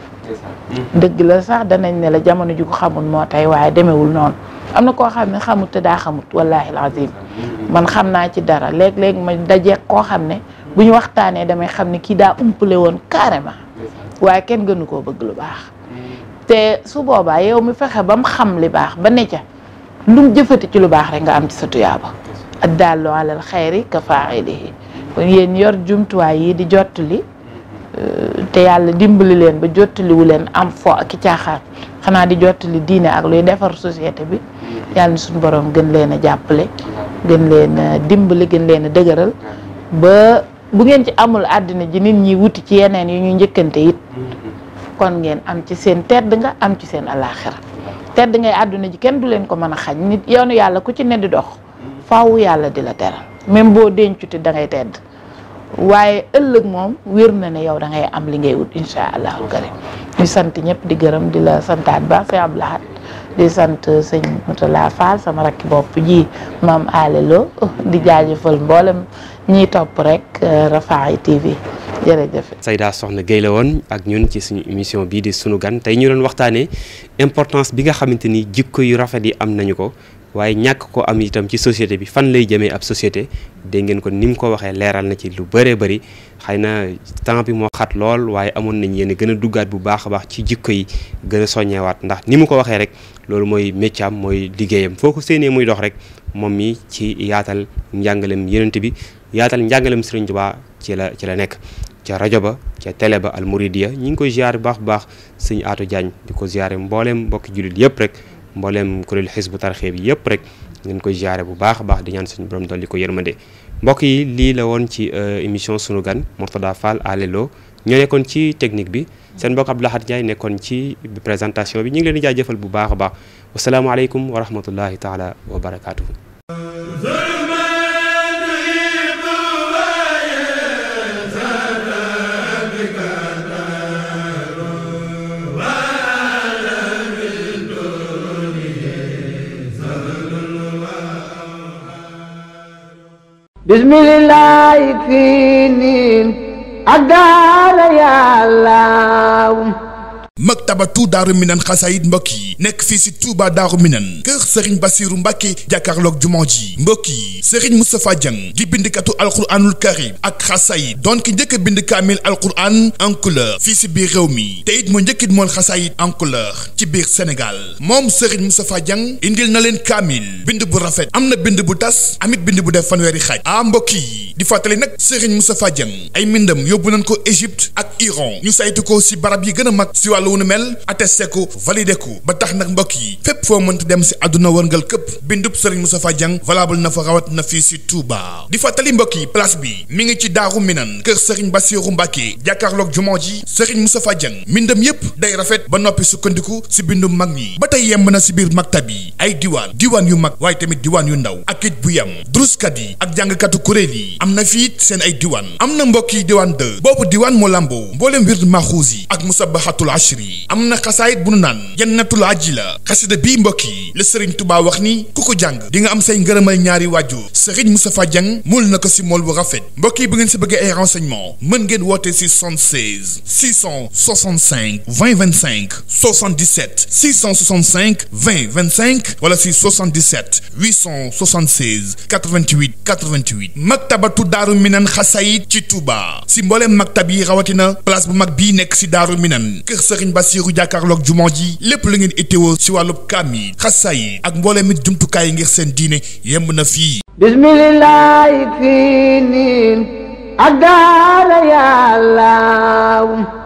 dëgg la sax danañ ne la jamono ji ko xamul moo tey waaye demewul noonu am na koo xam ne xamut te daa xamut wallaahi alazim mm-hmm. man xam naa ci dara léeg-léeg ma dajeek koo xam ne bu ñu waxtaanee damay xam ne kii daa umpale woon carrément waaye kenn gënu koo bëgg lu baax mm-hmm. te su boobaa yow mi fexe ba mu xam li baax ba ne ca lu mu ci lu baax rek nga am ci sa tuyaaba ak daallu alal xayri ka faa'ilihi kon yor jumtuwaay yi di jotli te yàlla dimbali leen ba jottaliwu leen am fo ak i xanaa di jottali diine ak luy defar société bi yàlla suñu borom gën leen a jàppale gën leen a dimbali gën leen a dëgëral ba bu ngeen ci amul àddina ji nit ñi wuti ci yeneen yi ñuy njëkkante it kon ngeen am ci seen tedd nga am ci seen alaaxira tedd ngay àdduna ji kenn du leen ko mën a xañ nit yoonu yàlla ku ci ne di dox faw yàlla di la teral même boo dencuti da ngay tedd waaye ëllëg moom wér na ne yow da ngay am li ngay ut incha allahu karim di sant ñëpp di gërëm di la santaat ba fi am lahat di sant sëñ Moutala Fall sama rakki bopp ji maam alelo di jaajëfal mboolem ñiy topp rek euh, Rafah TV jërëjëf. Sayda Soxna Gueye la woon ak ñun ci suñu émission bii di suñu gan tey ñu doon waxtaanee importance bi nga xamante ni jikko yu rafet yi am nañu ko. waaye ñàkk ko am itam ci société bi fan lay jëmee ab société dégg ngeen ko ni mu ko waxee leeral na ci lu bëree bëri xëy na temps bi moo xat lool waaye amoon nañ yéen gën a duggaat bu baax a baax ci jikko yi gën a soññewaat ndax ni mu ko waxee rek loolu mooy métier am mooy liggéeyam foo ko séenee muy dox rek moom mi ci yaatal njàngaleem Yonent bi yaatal njàngalem Sëriñ Tuubaa ci la ci la nekk ca rajo ba ca tele ba Al Mouridiyyah ñi ngi koy ziar bu baax baax sëñ Atou Diagne di ko ziare mbooleem mbokki jullit yëpp rek mbooleem kuréelu xisbu tarxee bi yëpp rek ngeen koy jaare bu baax baax di ñaan suñu borom dolli ko de mbokk yi lii la woon ci euh, émission sunu gan Mourtada Fall alelo ñoo nekkoon ci technique bi seen mbokk Abdou laxaat Ndiaye nekkoon ci présentation bi ñu ngi leen di jëfal bu baax a baax wasalaamaaleykum wa rahmatullahi taala wa barakaatuhu bismillaahi fiinin ak daara yàlla maktabatu daaru minan xasaayit mbokk yi nekk fii si Touba daaru minan kër Serigne Bassirou Mbacke jàkkaarloog jumaa ji mbokk yi Serigne Moustapha Dieng di bindkatu alquranul karim ak xasaayit doon ki njëkk bind kaamil alquran en couleur fii si biir réew mi te it moo njëkkit mool xasaayit en ci biir Sénégal moom sëriñ Moustapha Dieng indil na leen kaamil bind bu rafet am na bind bu tas amit bind bu def fanweeri xaaj ah mbokk yi di fàttali nag Serigne Moustapha Dieng ay mbindam yóbbu nañ ko Égypte ak Iran ñu saytu ko nu mel attesté ko validé ko ba tax nag mbokk yi fépp foo mënta dem si àdduna wërngal këpp bindub Serigne Moustapha Dieng valable na fa rawat na fii si Touba di fàttali mbokk yi place bi mi ngi ci Daaru Minan kër Serigne Bassirou Mbacké jàkkaarloog jumaa ji Serigne Moustapha Dieng mbindam yépp day rafet ba noppi sukkandiku si bindu mag ñi ba tey yemb na si biir maktab yi ay diwaan diwaan yu mag waaye tamit diwaan yu ndaw ak it bu yem druskat yi ak jàngkatu kuréel yi am na fii seen ay diwaan am na mbokk yi diwaan 2 boobu diwaan moo làmboo mbooleem wird maxuus yi ak musabahatul ashri yi am na xasaayit bu nu naan jannatul ajila xasida bii mbokk la sëriñ tubaa wax ni ku ko jàng di nga am say ngërëmal ñaari waajur sëriñ Moustapha Dieng mool na ko si mool bu rafet mbokk yi bu ngeen si bëggee ay renseignement mën ngeen woote si 76 665 20 25 77 665 20 25 wala si 77 876 88 88 maktabatu daaru minan xasaayit ci Touba si mbooleem maktab yi rawatina place bu mag bii nekk si daaru minan kër sëriñ Bassirou jàkkaarloog jumaa ji lépp la ngeen itteewoo si wàllub kaam yi ak mbooleem it jumtukaay yi ngir seen diine yemb na fii bismillahi fii nii ak daara yàlla